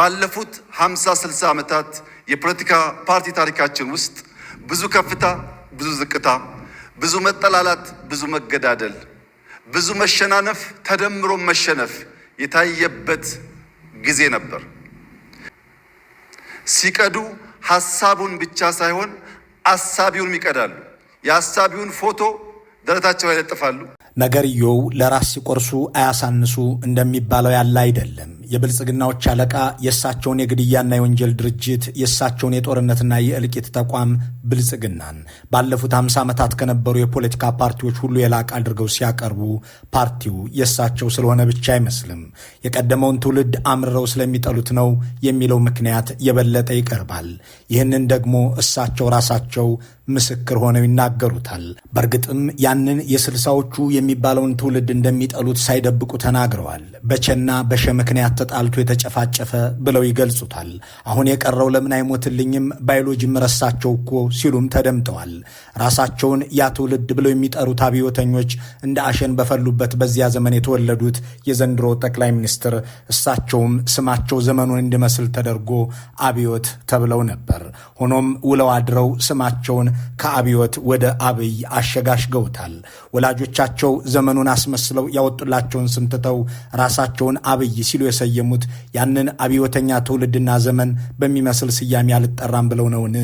ባለፉት 50 60 ዓመታት የፖለቲካ ፓርቲ ታሪካችን ውስጥ ብዙ ከፍታ፣ ብዙ ዝቅታ፣ ብዙ መጠላላት፣ ብዙ መገዳደል፣ ብዙ መሸናነፍ ተደምሮ መሸነፍ የታየበት ጊዜ ነበር። ሲቀዱ ሀሳቡን ብቻ ሳይሆን አሳቢውንም ይቀዳሉ። የአሳቢውን ፎቶ ደረታቸው ላይ ይለጥፋሉ። ነገርየው ለራስ ሲቆርሱ አያሳንሱ እንደሚባለው ያለ አይደለም። የብልጽግናዎች አለቃ የእሳቸውን የግድያና የወንጀል ድርጅት የእሳቸውን የጦርነትና የእልቂት ተቋም ብልጽግናን ባለፉት ሃምሳ ዓመታት ከነበሩ የፖለቲካ ፓርቲዎች ሁሉ የላቅ አድርገው ሲያቀርቡ ፓርቲው የእሳቸው ስለሆነ ብቻ አይመስልም። የቀደመውን ትውልድ አምርረው ስለሚጠሉት ነው የሚለው ምክንያት የበለጠ ይቀርባል። ይህንን ደግሞ እሳቸው ራሳቸው ምስክር ሆነው ይናገሩታል። በእርግጥም ያንን የስልሳዎቹ የሚ የሚባለውን ትውልድ እንደሚጠሉት ሳይደብቁ ተናግረዋል። በቸና በሸ ምክንያት ተጣልቶ የተጨፋጨፈ ብለው ይገልጹታል። አሁን የቀረው ለምን አይሞትልኝም ባዮሎጂም ረሳቸው እኮ ሲሉም ተደምጠዋል። ራሳቸውን ያ ትውልድ ብለው የሚጠሩት አብዮተኞች እንደ አሸን በፈሉበት በዚያ ዘመን የተወለዱት የዘንድሮ ጠቅላይ ሚኒስትር እሳቸውም ስማቸው ዘመኑን እንዲመስል ተደርጎ አብዮት ተብለው ነበር። ሆኖም ውለው አድረው ስማቸውን ከአብዮት ወደ አብይ አሸጋሽገውታል። ወላጆቻቸው ናቸው ዘመኑን አስመስለው ያወጡላቸውን ስም ትተው ራሳቸውን አብይ ሲሉ የሰየሙት ያንን አብዮተኛ ትውልድና ዘመን በሚመስል ስያሜ አልጠራም ብለው ነውን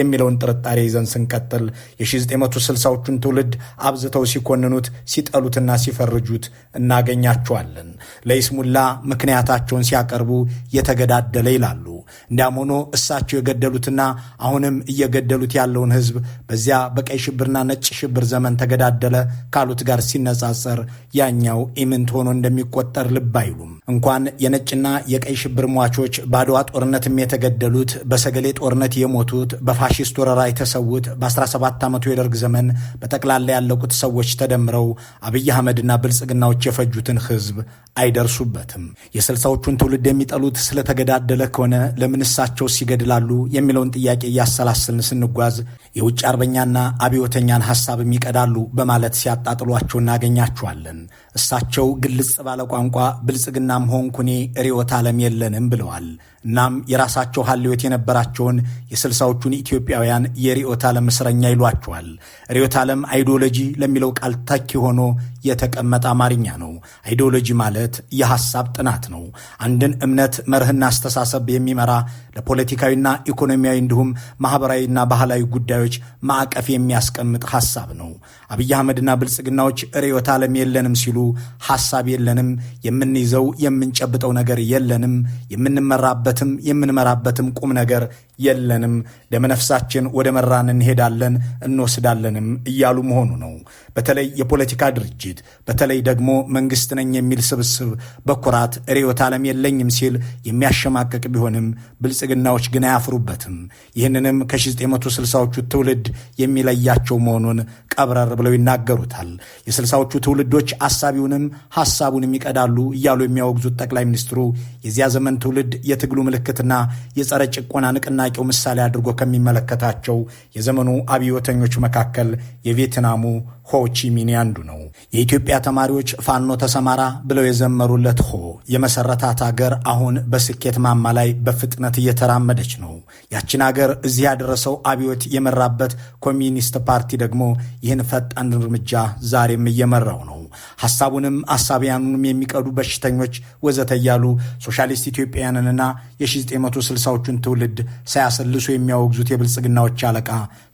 የሚለውን ጥርጣሬ ይዘን ስንቀጥል የ1960ዎቹን ትውልድ አብዝተው ሲኮንኑት ሲጠሉትና ሲፈርጁት እናገኛቸዋለን። ለይስሙላ ምክንያታቸውን ሲያቀርቡ የተገዳደለ ይላሉ። እንዲያም ሆኖ እሳቸው የገደሉትና አሁንም እየገደሉት ያለውን ህዝብ በዚያ በቀይ ሽብርና ነጭ ሽብር ዘመን ተገዳደለ ካሉት ጋር ሲነጻጸር ያኛው ኢምንት ሆኖ እንደሚቆጠር ልብ አይሉም። እንኳን የነጭና የቀይ ሽብር ሟቾች በአድዋ ጦርነትም የተገደሉት፣ በሰገሌ ጦርነት የሞቱት፣ በፋሽስት ወረራ የተሰዉት፣ በ17 ዓመቱ የደርግ ዘመን በጠቅላላ ያለቁት ሰዎች ተደምረው አብይ አህመድና ብልጽግናዎች የፈጁትን ህዝብ አይደርሱበትም። የስልሳዎቹን ትውልድ የሚጠሉት ስለተገዳደለ ከሆነ ለምን እሳቸውስ ይገድላሉ የሚለውን ጥያቄ እያሰላሰልን ስንጓዝ የውጭ አርበኛና አብዮተኛን ሐሳብም ይቀዳሉ በማለት ሲያጣጥሏቸው እናገኛቸዋለን። እሳቸው ግልጽ ባለ ቋንቋ ብልጽግናም ሆንኩኔ ርዕዮተ ዓለም የለንም ብለዋል። እናም የራሳቸው ሀልዮት የነበራቸውን የስልሳዎቹን ኢትዮጵያውያን የርዕዮተ ዓለም እስረኛ ይሏቸዋል። ርዕዮተ ዓለም አይዲዮሎጂ ለሚለው ቃል ተኪ ሆኖ የተቀመጠ አማርኛ ነው። አይዲዮሎጂ ማለት የሐሳብ ጥናት ነው። አንድን እምነት መርህና አስተሳሰብ የሚመራ ለፖለቲካዊና ኢኮኖሚያዊ እንዲሁም ማኅበራዊና ባህላዊ ጉዳዮች ማዕቀፍ የሚያስቀምጥ ሐሳብ ነው። አብይ አህመድና ብልጽግናዎች ርዕዮተ ዓለም የለንም ሲሉ ሐሳብ የለንም፣ የምንይዘው የምንጨብጠው ነገር የለንም፣ የምንመራበትም የምንመራበትም ቁም ነገር የለንም ደመነፍሳችን ወደ መራን እንሄዳለን እንወስዳለንም እያሉ መሆኑ ነው። በተለይ የፖለቲካ ድርጅት በተለይ ደግሞ መንግስት ነኝ የሚል ስብስብ በኩራት ርዕዮተ ዓለም የለኝም ሲል የሚያሸማቀቅ ቢሆንም ብልጽግናዎች ግን አያፍሩበትም። ይህንንም ከ1960ዎቹ ትውልድ የሚለያቸው መሆኑን ቀብረር ብለው ይናገሩታል። የስልሳዎቹ ትውልዶች አሳቢውንም ሀሳቡን ይቀዳሉ እያሉ የሚያወግዙት ጠቅላይ ሚኒስትሩ የዚያ ዘመን ትውልድ የትግሉ ምልክትና የጸረ ጭቆና ንቅና አስደናቂው ምሳሌ አድርጎ ከሚመለከታቸው የዘመኑ አብዮተኞች መካከል የቪየትናሙ ሆቺሚኒ አንዱ ነው። የኢትዮጵያ ተማሪዎች ፋኖ ተሰማራ ብለው የዘመሩለት ሆ የመሰረታት አገር አሁን በስኬት ማማ ላይ በፍጥነት እየተራመደች ነው። ያችን አገር እዚህ ያደረሰው አብዮት የመራበት ኮሚኒስት ፓርቲ ደግሞ ይህን ፈጣን እርምጃ ዛሬም እየመራው ነው። ሐሳቡንም አሳቢያኑንም የሚቀዱ በሽተኞች ወዘተ እያሉ ሶሻሊስት ኢትዮጵያውያንንና የ1960ዎቹን ትውልድ ሳያሰልሱ የሚያወግዙት የብልጽግናዎች አለቃ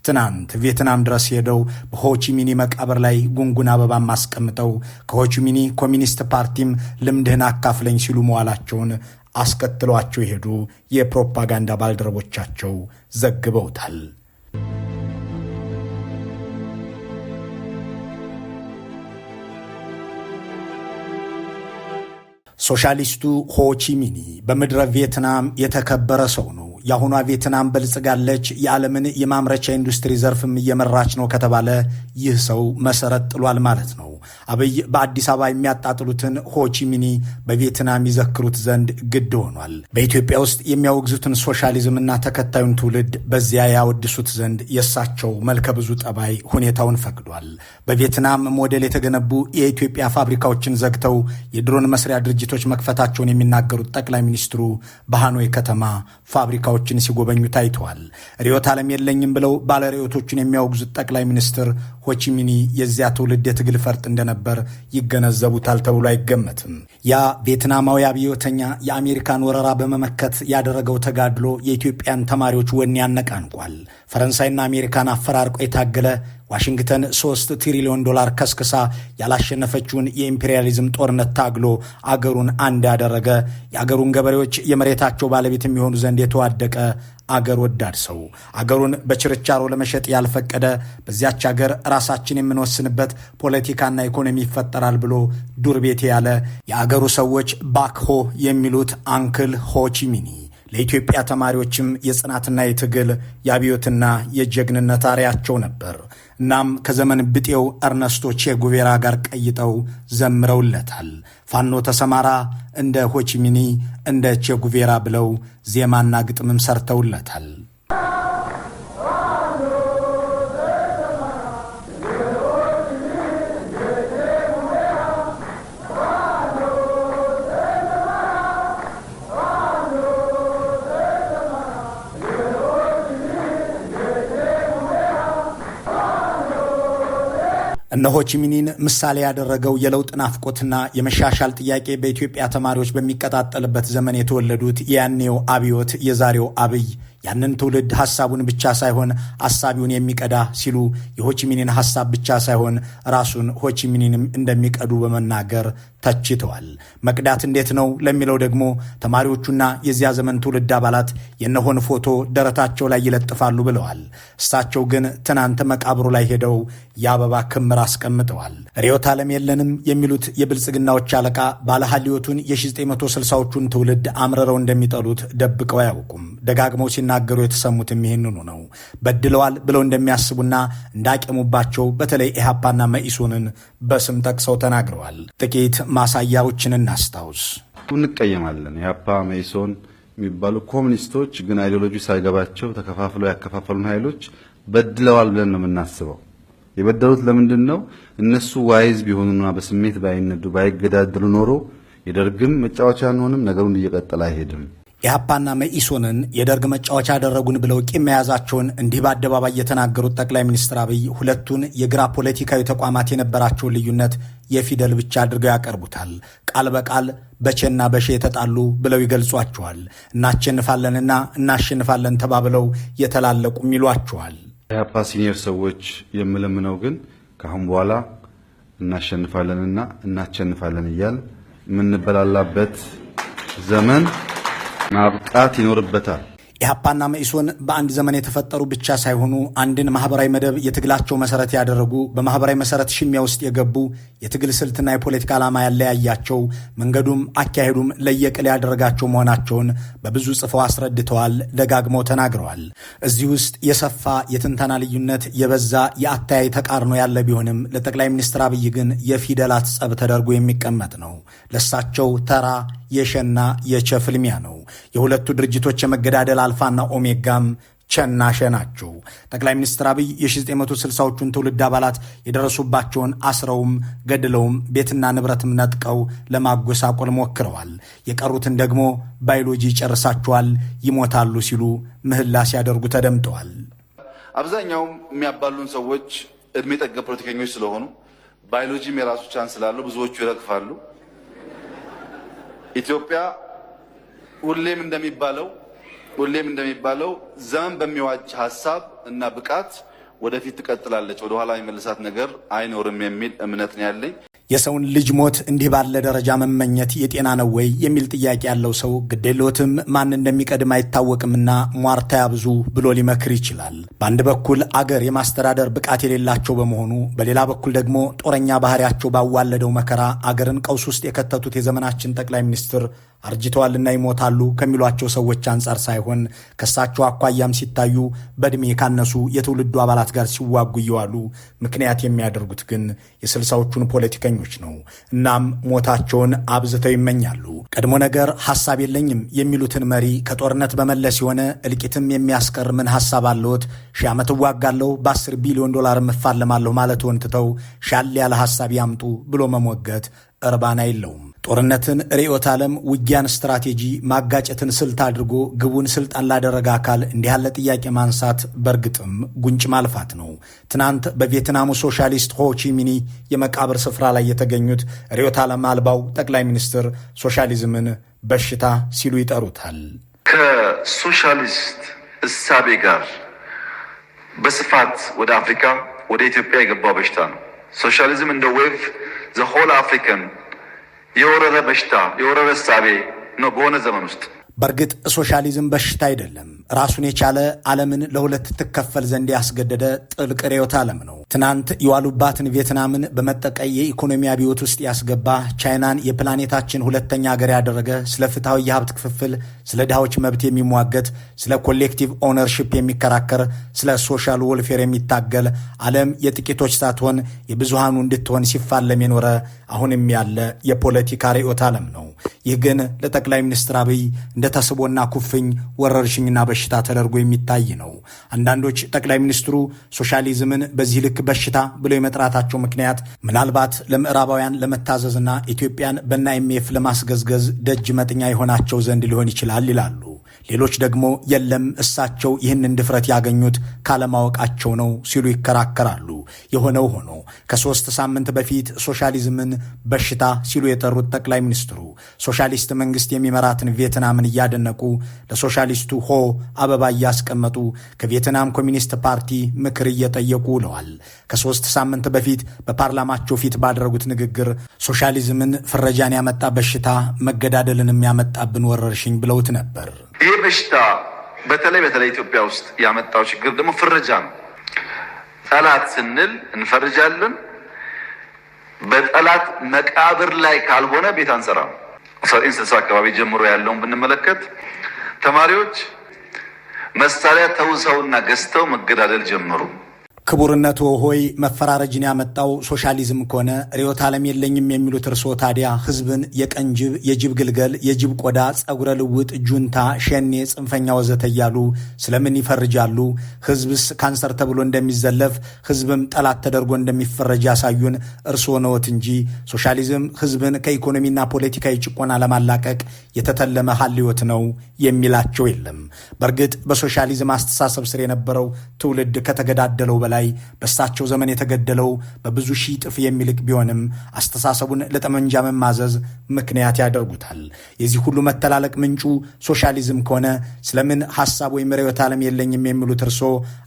ትናንት ቪየትናም ድረስ ሄደው በሆቺሚኒ መቃብር ላይ ጉንጉን አበባም አስቀምጠው ከሆቺሚኒ ኮሚኒስት ፓርቲም ልምድህን አካፍለኝ ሲሉ መዋላቸውን አስከትሏቸው የሄዱ የፕሮፓጋንዳ ባልደረቦቻቸው ዘግበውታል። ሶሻሊስቱ ሆቺሚኒ በምድረ ቪየትናም የተከበረ ሰው ነው። የአሁኗ ቬትናም በልጽጋለች፣ የዓለምን የማምረቻ ኢንዱስትሪ ዘርፍም እየመራች ነው ከተባለ ይህ ሰው መሰረት ጥሏል ማለት ነው። አብይ በአዲስ አበባ የሚያጣጥሉትን ሆቺሚኒ በቬትናም ይዘክሩት ዘንድ ግድ ሆኗል። በኢትዮጵያ ውስጥ የሚያወግዙትን ሶሻሊዝምና ተከታዩን ትውልድ በዚያ ያወድሱት ዘንድ የእሳቸው መልከ ብዙ ጠባይ ሁኔታውን ፈቅዷል። በቬትናም ሞዴል የተገነቡ የኢትዮጵያ ፋብሪካዎችን ዘግተው የድሮን መስሪያ ድርጅቶች መክፈታቸውን የሚናገሩት ጠቅላይ ሚኒስትሩ በሃኖይ ከተማ ፋብሪካዎች ስፍራዎችን ሲጎበኙ ታይተዋል። ርዕዮተ ዓለም የለኝም ብለው ባለርዕዮቶችን የሚያወግዙት ጠቅላይ ሚኒስትር ሆቺሚኒ የዚያ ትውልድ የትግል ፈርጥ እንደነበር ይገነዘቡታል ተብሎ አይገመትም። ያ ቪየትናማዊ አብዮተኛ የአሜሪካን ወረራ በመመከት ያደረገው ተጋድሎ የኢትዮጵያን ተማሪዎች ወኔ ያነቃንቋል። ፈረንሳይና አሜሪካን አፈራርቆ የታገለ ዋሽንግተን ሶስት ትሪሊዮን ዶላር ከስክሳ ያላሸነፈችውን የኢምፔሪያሊዝም ጦርነት ታግሎ አገሩን አንድ ያደረገ የአገሩን ገበሬዎች የመሬታቸው ባለቤት የሚሆኑ ዘንድ የተዋደቀ አገር ወዳድ ሰው አገሩን በችርቻሮ ለመሸጥ ያልፈቀደ በዚያች አገር ራሳችን የምንወስንበት ፖለቲካና ኢኮኖሚ ይፈጠራል ብሎ ዱር ቤቴ ያለ የአገሩ ሰዎች ባክሆ የሚሉት አንክል ሆቺሚኒ ለኢትዮጵያ ተማሪዎችም የጽናትና የትግል የአብዮትና የጀግንነት አርያቸው ነበር። እናም ከዘመን ብጤው እርነስቶ ቼ ጉቬራ ጋር ቀይጠው ዘምረውለታል። ፋኖ ተሰማራ እንደ ሆቺሚኒ እንደ ቼጉቬራ ብለው ዜማና ግጥምም ሰርተውለታል። እነ ሆቺሚኒን ምሳሌ ያደረገው የለውጥ ናፍቆትና የመሻሻል ጥያቄ በኢትዮጵያ ተማሪዎች በሚቀጣጠልበት ዘመን የተወለዱት የያኔው አብዮት የዛሬው አብይ ያንን ትውልድ ሐሳቡን ብቻ ሳይሆን አሳቢውን የሚቀዳ ሲሉ የሆቺሚኒን ሐሳብ ብቻ ሳይሆን ራሱን ሆቺሚኒንም እንደሚቀዱ በመናገር ተችተዋል። መቅዳት እንዴት ነው ለሚለው ደግሞ ተማሪዎቹና የዚያ ዘመን ትውልድ አባላት የነሆን ፎቶ ደረታቸው ላይ ይለጥፋሉ ብለዋል። እሳቸው ግን ትናንት መቃብሩ ላይ ሄደው የአበባ ክምር አስቀምጠዋል። ርዕዮተ ዓለም የለንም የሚሉት የብልጽግናዎች አለቃ ባለሐልዮቱን የ1960ዎቹን ትውልድ አምርረው እንደሚጠሉት ደብቀው አያውቁም። ደጋግመው ሲናገሩ የተሰሙትም ይህንኑ ነው። በድለዋል ብለው እንደሚያስቡና እንዳቀሙባቸው በተለይ ኢህአፓና መኢሶንን በስም ጠቅሰው ተናግረዋል። ጥቂት ማሳያዎችን እናስታውስ። እንቀየማለን። የአፓ መኢሶን የሚባሉ ኮሚኒስቶች ግን አይዲዮሎጂ ሳይገባቸው ተከፋፍለው ያከፋፈሉን ኃይሎች በድለዋል ብለን ነው የምናስበው። የበደሉት ለምንድን ነው? እነሱ ዋይዝ ቢሆኑና በስሜት ባይነዱ ባይገዳደሉ ኖሮ የደርግም መጫወቻ አንሆንም፣ ነገሩን እየቀጠለ አይሄድም። ኢህአፓና መኢሶንን የደርግ መጫወቻ ያደረጉን ብለው ቂም መያዛቸውን እንዲህ በአደባባይ የተናገሩት ጠቅላይ ሚኒስትር አብይ ሁለቱን የግራ ፖለቲካዊ ተቋማት የነበራቸውን ልዩነት የፊደል ብቻ አድርገው ያቀርቡታል። ቃል በቃል በቼና በሼ የተጣሉ ብለው ይገልጿቸዋል። እናቸንፋለንና እናሸንፋለን ተባብለው የተላለቁም ይሏቸዋል። ኢህአፓ ሲኒየር ሰዎች የምለምነው ግን ከአሁን በኋላ እናሸንፋለንና እናቸንፋለን እያል የምንበላላበት ዘመን ማብቃት ይኖርበታል። ኢህአፓና መኢሶን በአንድ ዘመን የተፈጠሩ ብቻ ሳይሆኑ አንድን ማህበራዊ መደብ የትግላቸው መሰረት ያደረጉ በማህበራዊ መሰረት ሽሚያ ውስጥ የገቡ የትግል ስልትና የፖለቲካ ዓላማ ያለያያቸው መንገዱም አካሄዱም ለየቅል ያደረጋቸው መሆናቸውን በብዙ ጽፈው አስረድተዋል፣ ደጋግመው ተናግረዋል። እዚህ ውስጥ የሰፋ የትንተና ልዩነት የበዛ የአተያይ ተቃርኖ ያለ ቢሆንም ለጠቅላይ ሚኒስትር አብይ ግን የፊደላት ጸብ ተደርጎ የሚቀመጥ ነው። ለሳቸው ተራ የሸና የቸ ፍልሚያ ነው። የሁለቱ ድርጅቶች የመገዳደል አልፋና ኦሜጋም ቸናሸ ናቸው። ጠቅላይ ሚኒስትር አብይ የ1960ዎቹን ትውልድ አባላት የደረሱባቸውን አስረውም ገድለውም ቤትና ንብረትም ነጥቀው ለማጎሳቆል ሞክረዋል። የቀሩትን ደግሞ ባዮሎጂ ይጨርሳቸዋል፣ ይሞታሉ ሲሉ ምህላ ሲያደርጉ ተደምጠዋል። አብዛኛውም የሚያባሉን ሰዎች እድሜ ጠገብ ፖለቲከኞች ስለሆኑ ባዮሎጂም የራሱ ቻንስ ስላለው ብዙዎቹ ይረግፋሉ። ኢትዮጵያ ሁሌም እንደሚባለው ሁሌም እንደሚባለው ዘመን በሚዋጅ ሀሳብ እና ብቃት ወደፊት ትቀጥላለች። ወደኋላ የመልሳት ነገር አይኖርም የሚል እምነት ነው ያለኝ። የሰውን ልጅ ሞት እንዲህ ባለ ደረጃ መመኘት የጤና ነው ወይ የሚል ጥያቄ ያለው ሰው ግዴሎትም ማን እንደሚቀድም አይታወቅምና ሟርታ ያብዙ ብሎ ሊመክር ይችላል። በአንድ በኩል አገር የማስተዳደር ብቃት የሌላቸው በመሆኑ፣ በሌላ በኩል ደግሞ ጦረኛ ባህሪያቸው ባዋለደው መከራ አገርን ቀውስ ውስጥ የከተቱት የዘመናችን ጠቅላይ ሚኒስትር አርጅተዋልና ይሞታሉ ከሚሏቸው ሰዎች አንጻር ሳይሆን ከሳቸው አኳያም ሲታዩ በእድሜ ካነሱ የትውልዱ አባላት ጋር ሲዋጉ እየዋሉ ምክንያት የሚያደርጉት ግን የስልሳዎቹን ፖለቲከኞች ነው። እናም ሞታቸውን አብዝተው ይመኛሉ። ቀድሞ ነገር ሐሳብ የለኝም የሚሉትን መሪ ከጦርነት በመለስ የሆነ እልቂትም የሚያስቀር ምን ሐሳብ አለዎት? ሺህ ዓመት እዋጋለሁ በ10 ቢሊዮን ዶላር እፋለማለሁ ማለት ወንትተው ሻል ያለ ሐሳብ ያምጡ ብሎ መሞገት እርባና የለውም። ጦርነትን ርዕዮተ ዓለም፣ ውጊያን ስትራቴጂ፣ ማጋጨትን ስልት አድርጎ ግቡን ስልጣን ላደረገ አካል እንዲህ ያለ ጥያቄ ማንሳት በእርግጥም ጉንጭ ማልፋት ነው። ትናንት በቪየትናሙ ሶሻሊስት ሆቺሚኒ የመቃብር ስፍራ ላይ የተገኙት ርዕዮተ ዓለም አልባው ጠቅላይ ሚኒስትር ሶሻሊዝምን በሽታ ሲሉ ይጠሩታል። ከሶሻሊስት እሳቤ ጋር በስፋት ወደ አፍሪካ ወደ ኢትዮጵያ የገባው በሽታ ነው። ሶሻሊዝም እንደ ዌቭ ዘ ሆል አፍሪካን የወረረ በሽታ የወረረ እሳቤ ነው በሆነ ዘመን ውስጥ። በእርግጥ ሶሻሊዝም በሽታ አይደለም። ራሱን የቻለ ዓለምን ለሁለት ትከፈል ዘንድ ያስገደደ ጥልቅ ርዕዮተ ዓለም ነው። ትናንት የዋሉባትን ቪየትናምን በመጠቀይ የኢኮኖሚ አብዮት ውስጥ ያስገባ ቻይናን የፕላኔታችን ሁለተኛ ሀገር ያደረገ ስለ ፍትሐዊ የሀብት ክፍፍል፣ ስለ ድሃዎች መብት የሚሟገት፣ ስለ ኮሌክቲቭ ኦነርሺፕ የሚከራከር፣ ስለ ሶሻል ወልፌር የሚታገል ዓለም የጥቂቶች ሳትሆን የብዙሃኑ እንድትሆን ሲፋለም የኖረ አሁንም ያለ የፖለቲካ ርዕዮተ ዓለም ነው። ይህ ግን ለጠቅላይ ሚኒስትር አብይ እንደ ተስቦና ኩፍኝ ወረርሽኝና በሽታ ተደርጎ የሚታይ ነው። አንዳንዶች ጠቅላይ ሚኒስትሩ ሶሻሊዝምን በዚህ ልክ ምትክ በሽታ ብሎ የመጥራታቸው ምክንያት ምናልባት ለምዕራባውያን ለመታዘዝና ኢትዮጵያን በአይኤምኤፍ ለማስገዝገዝ ደጅ መጥኛ የሆናቸው ዘንድ ሊሆን ይችላል ይላሉ። ሌሎች ደግሞ የለም እሳቸው ይህንን ድፍረት ያገኙት ካለማወቃቸው ነው ሲሉ ይከራከራሉ። የሆነው ሆኖ ከሶስት ሳምንት በፊት ሶሻሊዝምን በሽታ ሲሉ የጠሩት ጠቅላይ ሚኒስትሩ ሶሻሊስት መንግስት የሚመራትን ቪየትናምን እያደነቁ ለሶሻሊስቱ ሆ አበባ እያስቀመጡ ከቪየትናም ኮሚኒስት ፓርቲ ምክር እየጠየቁ ውለዋል። ከሶስት ሳምንት በፊት በፓርላማቸው ፊት ባደረጉት ንግግር ሶሻሊዝምን ፍረጃን ያመጣ በሽታ መገዳደልን የሚያመጣብን ወረርሽኝ ብለውት ነበር። ይህ በሽታ በተለይ በተለይ ኢትዮጵያ ውስጥ ያመጣው ችግር ደግሞ ፍረጃ ነው። ጠላት ስንል እንፈርጃለን። በጠላት መቃብር ላይ ካልሆነ ቤት አንሰራም። ሰሪን ስልሳ አካባቢ ጀምሮ ያለውን ብንመለከት ተማሪዎች መሳሪያ ተውሰውና ገዝተው መገዳደል ጀመሩ። ክቡርነቱ ሆይ መፈራረጅን ያመጣው ሶሻሊዝም ከሆነ ርዕዮተ ዓለም የለኝም የሚሉት እርስዎ ታዲያ ህዝብን የቀን ጅብ፣ የጅብ ግልገል፣ የጅብ ቆዳ፣ ጸጉረ ልውጥ፣ ጁንታ፣ ሸኔ፣ ጽንፈኛ ወዘተ እያሉ ስለምን ይፈርጃሉ? ህዝብስ ካንሰር ተብሎ እንደሚዘለፍ ህዝብም ጠላት ተደርጎ እንደሚፈረጅ ያሳዩን እርስዎ ነዎት እንጂ ሶሻሊዝም ህዝብን ከኢኮኖሚና ፖለቲካዊ ጭቆና ለማላቀቅ የተተለመ ሀልዮት ነው የሚላቸው የለም። በእርግጥ በሶሻሊዝም አስተሳሰብ ስር የነበረው ትውልድ ከተገዳደለው በላይ ላይ በእሳቸው ዘመን የተገደለው በብዙ ሺህ ጥፍ የሚልቅ ቢሆንም አስተሳሰቡን ለጠመንጃ መማዘዝ ምክንያት ያደርጉታል። የዚህ ሁሉ መተላለቅ ምንጩ ሶሻሊዝም ከሆነ ስለምን ሐሳብ ወይም ርዕዮተ ዓለም የለኝም የሚሉት እርሶ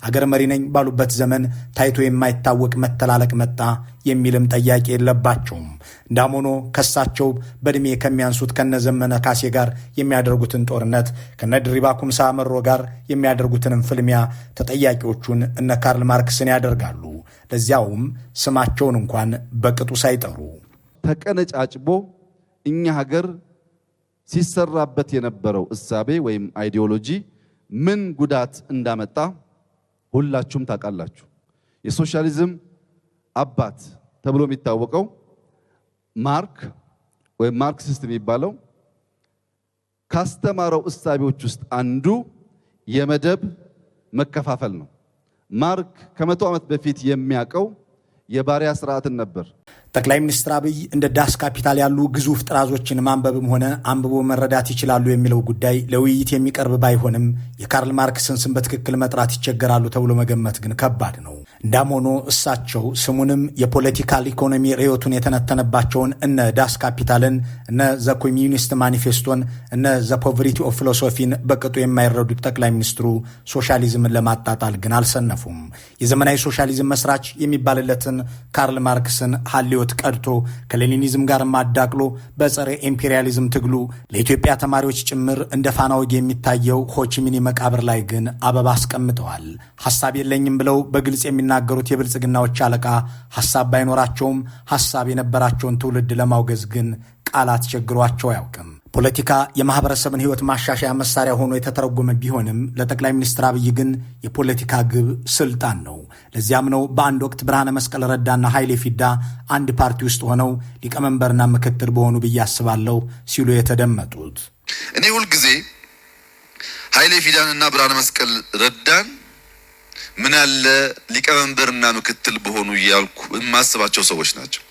አገር መሪ ነኝ ባሉበት ዘመን ታይቶ የማይታወቅ መተላለቅ መጣ የሚልም ጥያቄ የለባቸውም። እንዳም ሆኖ ከሳቸው በእድሜ ከሚያንሱት ከነዘመነ ካሴ ጋር የሚያደርጉትን ጦርነት ከነድሪባ ኩምሳ መሮ ጋር የሚያደርጉትንም ፍልሚያ ተጠያቂዎቹን እነ ካርል ማርክስ እንዲወስን ያደርጋሉ። ለዚያውም ስማቸውን እንኳን በቅጡ ሳይጠሩ ተቀነጫጭቦ እኛ ሀገር ሲሰራበት የነበረው እሳቤ ወይም አይዲዮሎጂ ምን ጉዳት እንዳመጣ ሁላችሁም ታውቃላችሁ። የሶሻሊዝም አባት ተብሎ የሚታወቀው ማርክ ወይም ማርክሲስት የሚባለው ካስተማረው እሳቤዎች ውስጥ አንዱ የመደብ መከፋፈል ነው። ማርክ ከመቶ ዓመት በፊት የሚያውቀው የባሪያ ስርዓትን ነበር። ጠቅላይ ሚኒስትር አብይ እንደ ዳስ ካፒታል ያሉ ግዙፍ ጥራዞችን ማንበብም ሆነ አንብቦ መረዳት ይችላሉ የሚለው ጉዳይ ለውይይት የሚቀርብ ባይሆንም የካርል ማርክስን ስም በትክክል መጥራት ይቸገራሉ ተብሎ መገመት ግን ከባድ ነው። እንዳም ሆኖ እሳቸው ስሙንም የፖለቲካል ኢኮኖሚ ርዕዮቱን የተነተነባቸውን እነ ዳስ ካፒታልን እነ ዘ ኮሚኒስት ማኒፌስቶን እነ ዘ ፖቨሪቲ ኦፍ ፊሎሶፊን በቅጡ የማይረዱት ጠቅላይ ሚኒስትሩ ሶሻሊዝምን ለማጣጣል ግን አልሰነፉም። የዘመናዊ ሶሻሊዝም መስራች የሚባልለትን ካርል ማርክስን ሀልዮት ቀድቶ ከሌኒኒዝም ጋር ማዳቅሎ በጸረ ኢምፔሪያሊዝም ትግሉ ለኢትዮጵያ ተማሪዎች ጭምር እንደ ፋና የሚታየው ሆቺሚኒ መቃብር ላይ ግን አበባ አስቀምጠዋል። ሀሳብ የለኝም ብለው በግልጽ የሚና የሚናገሩት የብልጽግናዎች አለቃ ሐሳብ ባይኖራቸውም ሐሳብ የነበራቸውን ትውልድ ለማውገዝ ግን ቃላት ቸግሯቸው አያውቅም። ፖለቲካ የማህበረሰብን ህይወት ማሻሻያ መሳሪያ ሆኖ የተተረጎመ ቢሆንም ለጠቅላይ ሚኒስትር አብይ ግን የፖለቲካ ግብ ስልጣን ነው። ለዚያም ነው በአንድ ወቅት ብርሃነ መስቀል ረዳና ኃይሌ ፊዳ አንድ ፓርቲ ውስጥ ሆነው ሊቀመንበርና ምክትል በሆኑ ብዬ አስባለሁ ሲሉ የተደመጡት። እኔ ሁልጊዜ ኃይሌ ፊዳንና ብርሃነ መስቀል ረዳን ምን አለ ሊቀመንበርና ምክትል በሆኑ እያልኩ የማስባቸው ሰዎች ናቸው።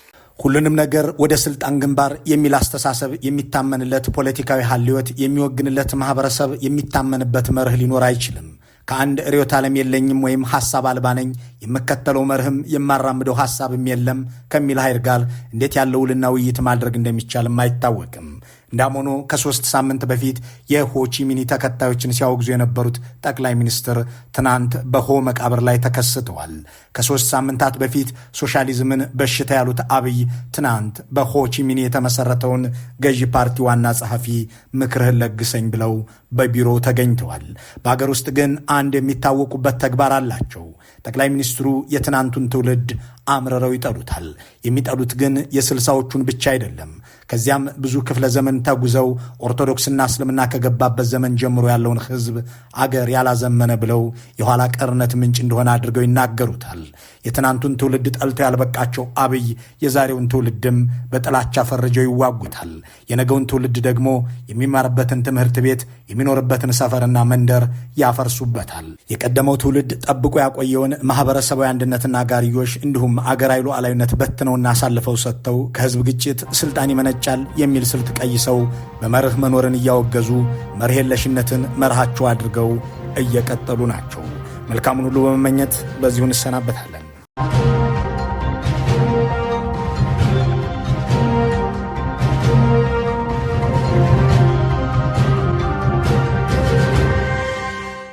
ሁሉንም ነገር ወደ ስልጣን ግንባር የሚል አስተሳሰብ የሚታመንለት ፖለቲካዊ ሀልዮት የሚወግንለት ማህበረሰብ የሚታመንበት መርህ ሊኖር አይችልም። ከአንድ ርዕዮተ ዓለም የለኝም ወይም ሐሳብ አልባ ነኝ የምከተለው መርህም የማራምደው ሐሳብም የለም ከሚል ኃይል ጋር እንዴት ያለ ውልና ውይይት ማድረግ እንደሚቻልም አይታወቅም። እንዳመሆኑ ከሶስት ሳምንት በፊት የሆቺሚኒ ተከታዮችን ሲያወግዙ የነበሩት ጠቅላይ ሚኒስትር ትናንት በሆ መቃብር ላይ ተከስተዋል። ከሶስት ሳምንታት በፊት ሶሻሊዝምን በሽታ ያሉት አብይ ትናንት በሆቺሚኒ የተመሰረተውን ገዢ ፓርቲ ዋና ጸሐፊ ምክርህን ለግሰኝ ብለው በቢሮ ተገኝተዋል። በአገር ውስጥ ግን አንድ የሚታወቁበት ተግባር አላቸው። ጠቅላይ ሚኒስትሩ የትናንቱን ትውልድ አምርረው ይጠሉታል። የሚጠሉት ግን የስልሳዎቹን ብቻ አይደለም ከዚያም ብዙ ክፍለ ዘመን ተጉዘው ኦርቶዶክስና እስልምና ከገባበት ዘመን ጀምሮ ያለውን ህዝብ አገር ያላዘመነ ብለው የኋላ ቀርነት ምንጭ እንደሆነ አድርገው ይናገሩታል። የትናንቱን ትውልድ ጠልቶ ያልበቃቸው አብይ የዛሬውን ትውልድም በጥላቻ ፈርጀው ይዋጉታል። የነገውን ትውልድ ደግሞ የሚማርበትን ትምህርት ቤት የሚኖርበትን ሰፈርና መንደር ያፈርሱበታል። የቀደመው ትውልድ ጠብቆ ያቆየውን ማህበረሰባዊ አንድነትና ጋርዮሽ እንዲሁም አገራዊ ሉዓላዊነት በትነውና አሳልፈው ሰጥተው ከህዝብ ግጭት ስልጣን የመነ ይጋጫል የሚል ስልት ቀይሰው በመርህ መኖርን እያወገዙ መርህ የለሽነትን መርሃቸው አድርገው እየቀጠሉ ናቸው። መልካሙን ሁሉ በመመኘት በዚሁ እንሰናበታለን።